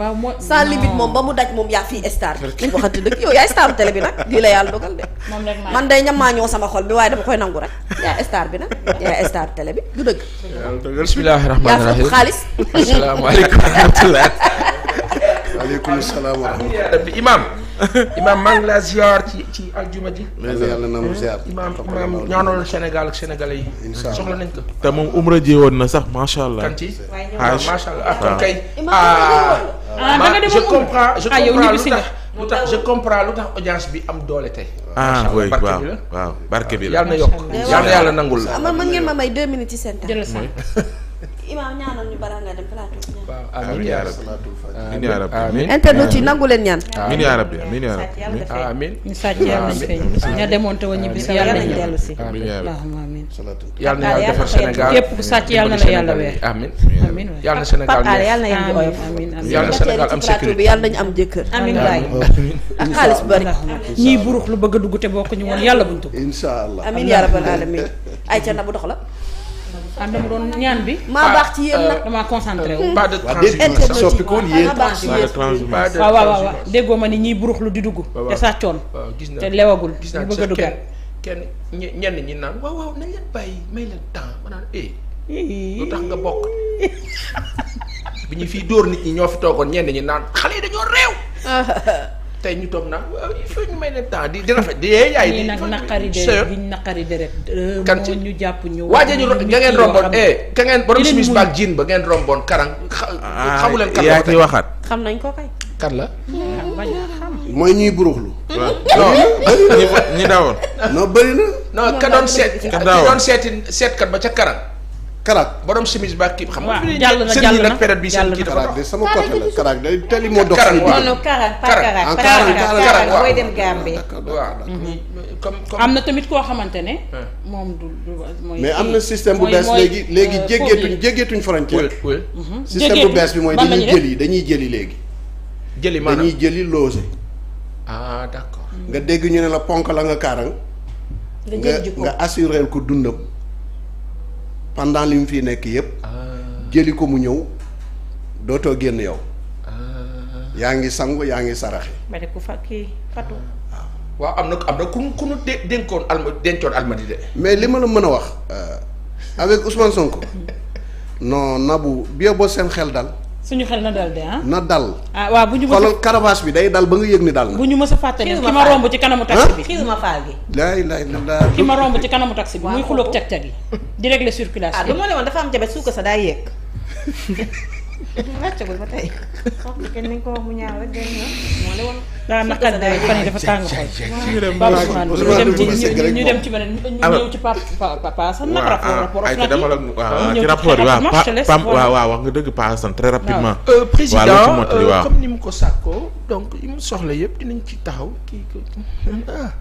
waaw mooy sans moom ba mu daj moom yaa fii star bi waxante dëgg yow yaay staru télé bi nag lii la yàlla dogal de man day ñamaa ñoo sama xol bi waaye dama koy nangu rek yaa star bi nag yaa star télé bi du dëgg bismillahi rahmaani rahim xaalis asalaamaaleykum wa rahmatullah waaleykum salaam wa rahmatullah imaam imaam maa ngi laa ziar ci ci aljuma ji na mu ziar imaam imaam ñaanal Sénégal te moom umra na sax macha allah kan ci ah, macha allah ah ah danga demoon je comprends je comprends lu tax tax je comprends lu tax audience bi am doole tey. ah oui waaw waaw barke bi la yàlla na yokk yàlla yàlla nangul la. man mën ngeen ma may deux minutes ci seen temps. imaam ñaanal ñu bara nga dem plateau. waaw yaa rabbi yi nangu leen ñaan. amiin yaa rabbi amiin yaa rabbi amiin. demoon te woon ñibbi si yàlla ñu dellu yàlla na yàlla defar Sénégal na la yàlla weer amin amin yàlla na Sénégal yàlla na yàlla oyof yàlla na Sénégal am sécurité yàlla nañu am jëkkër amin waay ak xaalis bari ñiy burux lu bëgg a dugg te bokk ñu woon yàlla buñ tugg insha allah amin yaa ay ca na bu dox la ah dama doon ñaan bi. maa ah, baax ci yéen nag euh, damaa concentré wu. pas de transhumance soppikuwoon yéen ah, waaw waaw waaw déggoo ma ni ñiy burux lu di dugg. te sàccoon te lewagul ñu bëgg a duggaat kenn ñenn ñi naan waaw waaw nañ leen bàyyi may leen temps ma naan eh. lu tax nga bokk. bi ñu fii dóor nit ñi ñoo fi toogoon ñenn ñi naan xale yi dañoo réew. tey ñu toog naan waaw il ñu may leen temps di di rafet di yee eh, yaay. di nag naqari deret biñ kan ci ñu jàpp ñu. waaje ñu ga ngeen romboon eh ka ngeen borom simis ba ak jiin ba ngeen romboon karang. Ah, xamu leen kan la ko tey waxaat. xam nañ ko kay. kan mooy ñuy buruxlu. waaw ñi fa ñi daawoon. non bëri na. non ka doon seet. ka doon seet seetkat ba ca Karak. Karak borom simis ba kii xam nga. waaw na jàll na période bi seen kii dafa dox. sama côté la Karak day tali moo dox. Karak waaw non non Karak mm-hmm. am na tamit koo xamante ne. moom du du mais am na système bu bees léegi léegi euh, jéggeetuñ jéggeetuñ frontière. Mm-hmm. système bu bees bi mooy dañuy jëli dañuy jëli léegi jëli maanaam dañuy jëli loose ah d'accord. Mm. nga dégg ñu ne la ponk la nga kaarang nga nga assuré ko dundam pendant li mu fii nekk yëpp. Ah. jëli ko mu ñëw dootoo génn yow. Ah. yaa ngi sangu yaa ngi saraxe. ba fa kii ah. waaw am na am na ku mu ku mu dénkoon alma dencoon almadi de. mais li ma la mën a wax. Euh, avec Ousmane Sonko. Mm. non Nabou bio boo seen xel dal. suñu xel na dal de ah. na dal. Ah, waaw bu ñu mës a xoolal caravage bi day dal ba nga yëg ni dal na. bu ñu mës a fàtte ne ki ma romb ci kanamu taxi bi. xiir ma faal gi. laay laay la ki ma romb ci kanamu taxi bi. muy xuloog cag cag yi. di régler circulation. Ah, ma ne woon dafa am jabe suukar sa daay yëg. wàccagul ba tey soxna kenn ko wax mu ñaaw rek dem na moo la woon. daa naqari day fan yi dafa tàng xol. ñu dem ñu dem ci beneen ñu ñëw ci Pape Papa Assane nag rapport rapport nag yi ci rapport yi waaw waaw wax nga dëgg Papa Assane très rapidement. Euh, président euh, comme ni mu ko sàkkoo donc yi mu soxla yëpp dinañ ci taxaw kii ko ah.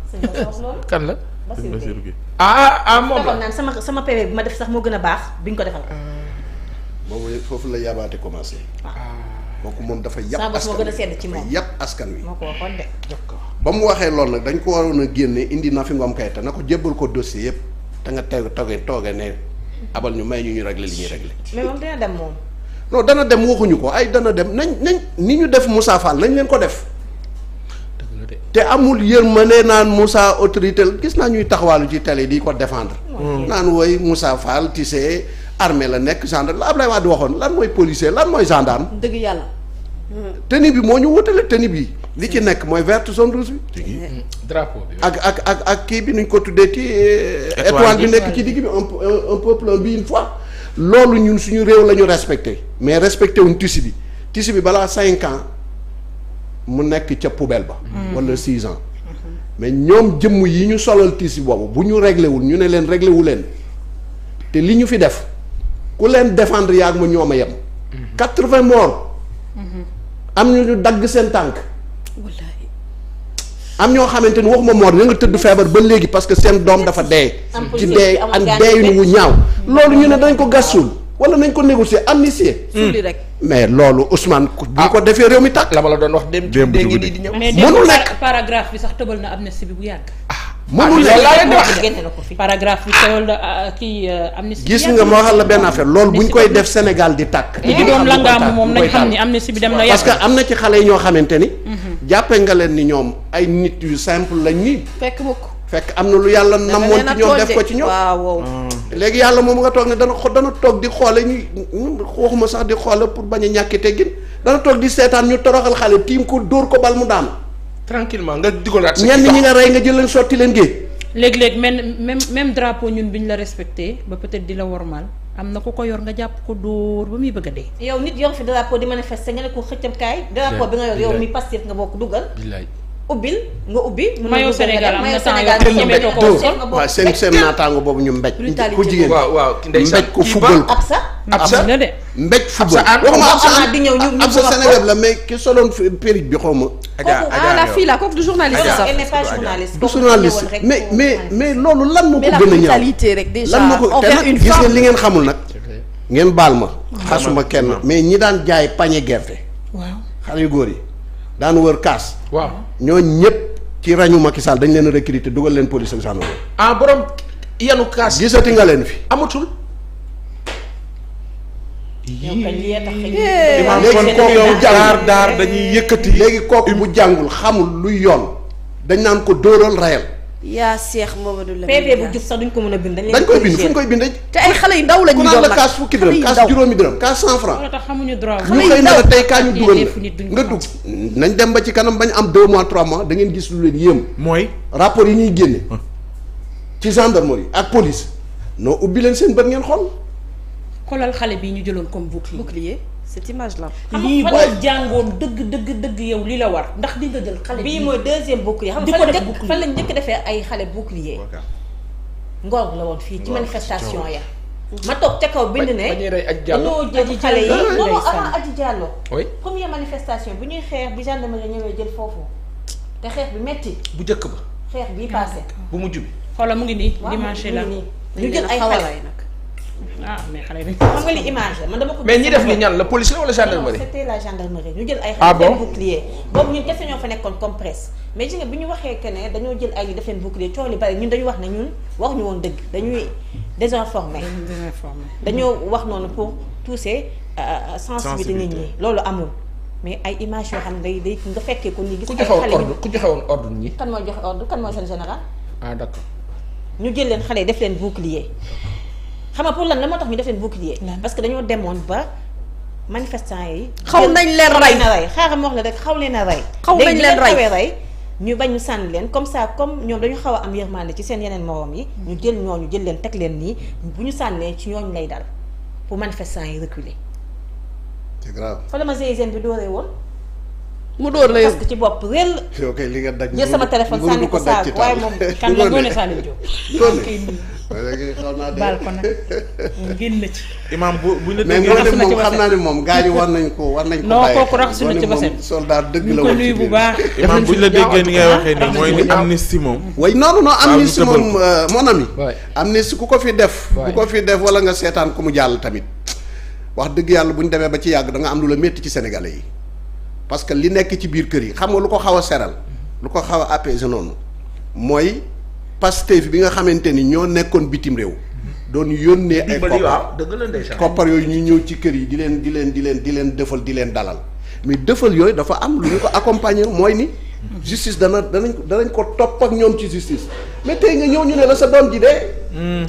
kan la. Ah, ah ah moom la sama sama PV bi ma def sax moo gën a baax bi ñu ko defal. Euh. boobu yëpp foofu la yabaate commencé. Ah. ko moom dafa yàpp askan wi dafa yàpp askan wi. ko waxoon de. ba mu waxee loolu nag dañ ko waroon a génne indi na fi Ngom Keïta na ko jébbal ko dossier yëpp te nga teg toge tooge ne abal ñu may ñu ñu régler li ñuy régler. mais moom dina dem moom. dana dem waxuñu ko ay dana dem nañ nañ ni ñu def Moussa Fall nañ leen ko def. te amul yërmande naan musaa autorité gis naa ñuy taxawaalu ci télé di ko defendre naan wooy Moussa Fall armée la nekk gendarme la Ablaye Wade waxoon lan mooy policier lan mooy gendarme. dëgg yàlla. tenue bi moo ñu wutale tenue bi li ci nekk mooy vert zone rouge bi. drapeau ak ak ak ak kii bi nuñ ko tuddee ci. Euh, étoile bi nekk ci digg bi un un peuple bi une loolu ñun suñu réew la ñu respecté mais respecté wuñ tissu bi tissu bi balaa cinq ans mu nekk ca poubelle ba. Mm. wala six ans. mais ñoom jëmm yi ñu solal tissu boobu bu ñu réglé wul ñu ne leen réglé wu leen te li ñu fi def. ku leen defendre yaag ma ñoom a yem. Mhm. quatre-vingts morts. Mhm. am ñu ñu dagg seen tànk. am ñoo xamante ni waxuma mort ñu nga tëdd feebar ba léegi parce que seen doom dafa dee. ci dee ak deeyin wu ñaaw. Mhm. loolu ñu ne dañ ko gas suul wala nañ ko négocier am suuli rek mais loolu Ousmane. bu ko defee réew mi tàkk. la ma doon wax dem. démb dugg di ñëw mënu nekk paragraphe bi sax tëbal na amnistie bu yàgg. Ah. mënul ah, leen paragraphe bi teewal ah, ah, kii euh, amnistie gis nga ma waxal la benn affaire lool bu ñu koy def Sénégal di takk eh, di doom langaam moom nañ xam ni amnistie bi dem na parce que am na ci xale yi ñoo xamante ni. Mhm. jàppe nga leen ni ñoom ay nit yu simple lañ nii. fekk mukk fekk am na lu yàlla namoon ci ñoom def ko ci ñoom. waaw léegi yàlla moom nga toog ne dana xo dana toog di xoole ñuy waxuma sax di xoole pour bañ a ñàkk teggin dana toog di seetaan ñu toroxal xale tiim ko dóor ko bal mu daanu tranquillement nga digalaat. ñenn ñi nga rey nga jël leen sotti leen géej. léeg-léeg même même même drapeau ñun bi ñu la respecté ba peut-être di la wormaal am na ku ko yor nga jàpp ko dóor ba muy bëgg a dee. yow nit yor fi drapeau di manifester nga ne ko xëccam kaay. drapeau bi nga yor yow mi Pastef nga bokk dugal. ubbil nga ubbi. mayo Sénégal am na temps yoo ñeme ko ko sol waaw seen seen naataango boobu ñu mbéj. brutalité ku jigéen mbéj ko football. ab sa ab sa na de. mbéj football waxuma absa di ñëw ñu absa Sénégal la mais ki soloon période bi xaw ma. Adja la fille là kooku du journaliste du journaliste mais mais mais loolu lan moo ko gën a ñaaw lan moo ko te nag gis nga li ngeen xamul nag. ngeen baal ma. xasuma kenn mais ñi daan jaay pañe gerte. waaw xale yu góor yi daan wër kaas. waaw ñooñu ñëpp ci rañu Macky Sall dañ leen recruter dugal leen police ak gendarmerie. ah borom yanu kaas. gisati nga leen fii amatul. Eh. léegi kooku yow daar daar dañuy eh. yëkkati. léegi kooku bu jàngul xamul luy yoon dañ naan ko dóoral rayal. yaa seex Mamadou la. PV bu jub sax duñ ko mën a bind. dañ koy bind fu koy bindee. te ay xale yu ndaw la ñu la kaas fukki dërëm kaas juróomi dërëm kaas cent franc. loolu tax xamuñu droit tey kaa ñu dugal nga dugg. nañ dem ba ci kanam ba ñu am deux mois trois mois da ngeen gis lu leen yéem. mooy rapport yi ñuy génne. ci gendarmerie ak police. noo ubbi leen seen bët ngeen xool. xoolal xale bi ñu jëloon comme bouclier. bouclier cette image là. lii boo jàngoon dëgg dëgg dëgg yow li la war ndax di nga jël xale bii mooy deuxième bouclier xam nga fan lañ njëkk defee ay xale bouclier ngor fii ci manifestation ya ma toog ca kaw bind ne dañoo jël xale yi non non avant Adji Diallo première manifestation bu ñuy xeex bi gendarmerie ñëwee jël foofu te xeex bi metti bu njëkk ba xeex bii passé bu mujj bi xoolal mu ngi nii dimanche la ñu jël ay xale nag ah mais xale yi xam nga li image la man dama ko. mais ñi def li ñan la police la wala gendarmerie. ñu jël ay. ah bon xale bouclier. dañoo jël ay def leen bouclier coow ne ñun waxuñu woon dëgg dañuy désinformé. désinformé euh, euh, loolu amul. mais ay image yoo xam ne day day fekkee ko nii. gis ay xale yi ku joxe woon ah, ñu jël leen xale yi def leen bouclier xam nga pour lan la moo tax ñu def leen bouclier parce que dañoo demoon ba manifestant yi xaw nañ leen rey na rey xaaral ma wax la rek xaw leen a rey xaw nañ leen rey rey ñu bañ ñu sànni leen comme saa comme ñoom dañu xaw a am yërmande ci seen yeneen moroom yi ñu mm. jël ñu jël leen teg leen nii bu ñu sànnee ci ñooñu lay dal pour manifestants yi reculer c'est grave fa la ma GIGN bi dooree woon mu door la parce que ci bopp réel ok li nga daj jël sama téléphone sànni ko saa waaye moom kan la doone Saliou léegi xaw naa de baal ko nag moom génn na ci. imaam bu bu ñu la déggee raxas na ci xam naa ne moom gaa yi war nañ ko war nañ ko bàyyi non kooku raxasu na ci ba set soldat dëgg la ko nuyu bu baax imaam bu ñu la déggee ni ngay waxee nii mooy ni amnistie moom way non non amnistie moom euh, mon ami amnistie ku ko fi def ku ko fi def wala nga seetaan ku mu jàll tamit wax dëgg yàlla bu ñu demee ba ci yàgg da nga am lu la métti ci sénégalais yi parce que li nekk ci biir kër yi xam nga lu ko xaw a seral lu ko xaw a apaiser noonu mooy Pastef bi nga xamante ni ñoo nekkoon bitim réew. doon yónnee ay koppar dëgg yooyu ñuy ñëw ci kër yi di leen di leen di leen di leen defal di leen dalal mais defal yooyu dafa am lu ñu ko accompagner mooy ni. justice dana danañ danañ ko topp ak ñoom ci justice mais nga ñëw ñu ne la sa doom ji dee.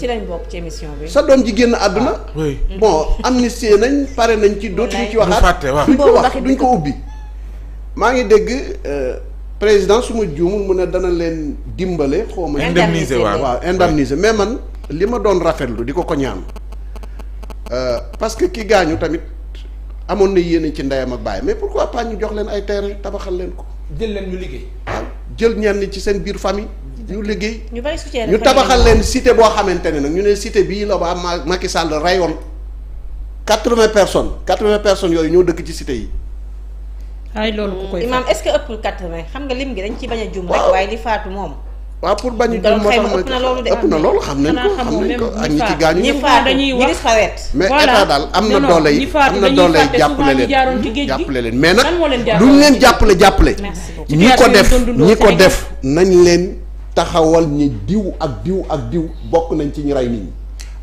ci lañ bokk ci émission bi. sa doom ji génn àdduna. Ah, bon amnistie nañ pare nañ ci dootuñu ci waxaat. duñ ko wax duñ ko ubbi maa ngi dégg. Euh, président suma ma juumul mu ne dana leen dimbale. xaw ma indemniser waaw waaw indemniser mais man li ma doon rafetlu di ko ko ñaan. Euh, parce que ki gaañu tamit amoon na yéene ci ndeyam a baay mais pourquoi pas ñu jox leen ay terrain tabaxal leen ko. jël leen ñu liggéey. waaw ah, jël ñenn ci seen biir famille. ñu liggéey ñu bari ñu tabaxal leen cité boo xamante ne nag ñu ne cité bii la waa Macky Sall rayoon quatre-vingts personnes quatre-vingts personnes yooyu ñoo dëkk ci cité yi. ay loolu ku koy imaam est-ce que ëppul 80 xam nga lim gi dañ ci bañ a jum rek waaye li faatu moom. waaw pour bañ a jum moo tax ëpp na loolu de ëpp na loolu xam nañ ko xam nañ ko ak ñi ci gaañu ñi faatu dañuy wax mais état daal am na doole yi am na doole yi jàppale leen jàppale leen mais nag duñ leen jàppale jàppale ñi ko def ñi ko def nañ leen taxawal ñi diw ak diw ak diw bokk nañ ci ñu rey nit ñi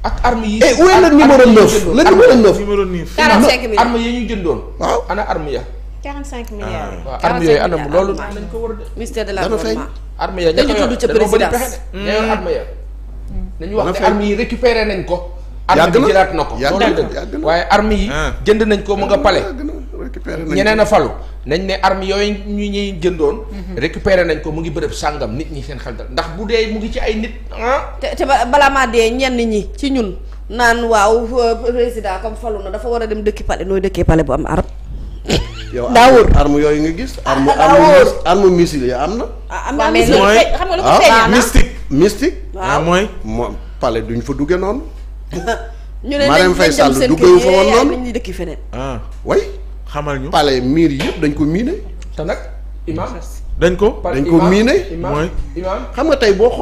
ak arme yi eh où est le numéro 9 le numéro 9 45 arme yi ñu jëndoon waaw ana arme ya cinq ah. milliards. waaw armes yooyu anam loolu. dañ ah, ko war a ministère de l'environnement. armes yooyu dañu tudd ca présidence hmm. dañu wax ne armes yi récupéré nañ ko. yàgg na jëlaat na ko loolu dëgg waaye armes yi. Ah. jënd nañ ko mun nga pale. ñeneen a falu nañ ne armes yooyu ñu ñuy jëndoon. Mhm. récupéré nañ ko mu ngi bërëb sàngam nit ñi seen xel dal ndax bu dee mu ngi ci ay nit ah. te te balaa maa dee ñenn ñi ci ñun naan waaw président comme falu na dafa war a dem dëkki pale nooy dëkkee pale bu am arab yow arme yooyu nga gis. Ah, arme arme missile ya am na. Ah, ah, am na mystique mystique. mooy. moom palais duñ fa dugge noonu. ñu ne Marème Faye Sall duggewu fa woon noonu ñu dëkki feneen. ah way xamal ñu palais miir yëpp dañ ko miine. te nag imam dañ ko dañ ko miine mooy. xam nga tey boo xool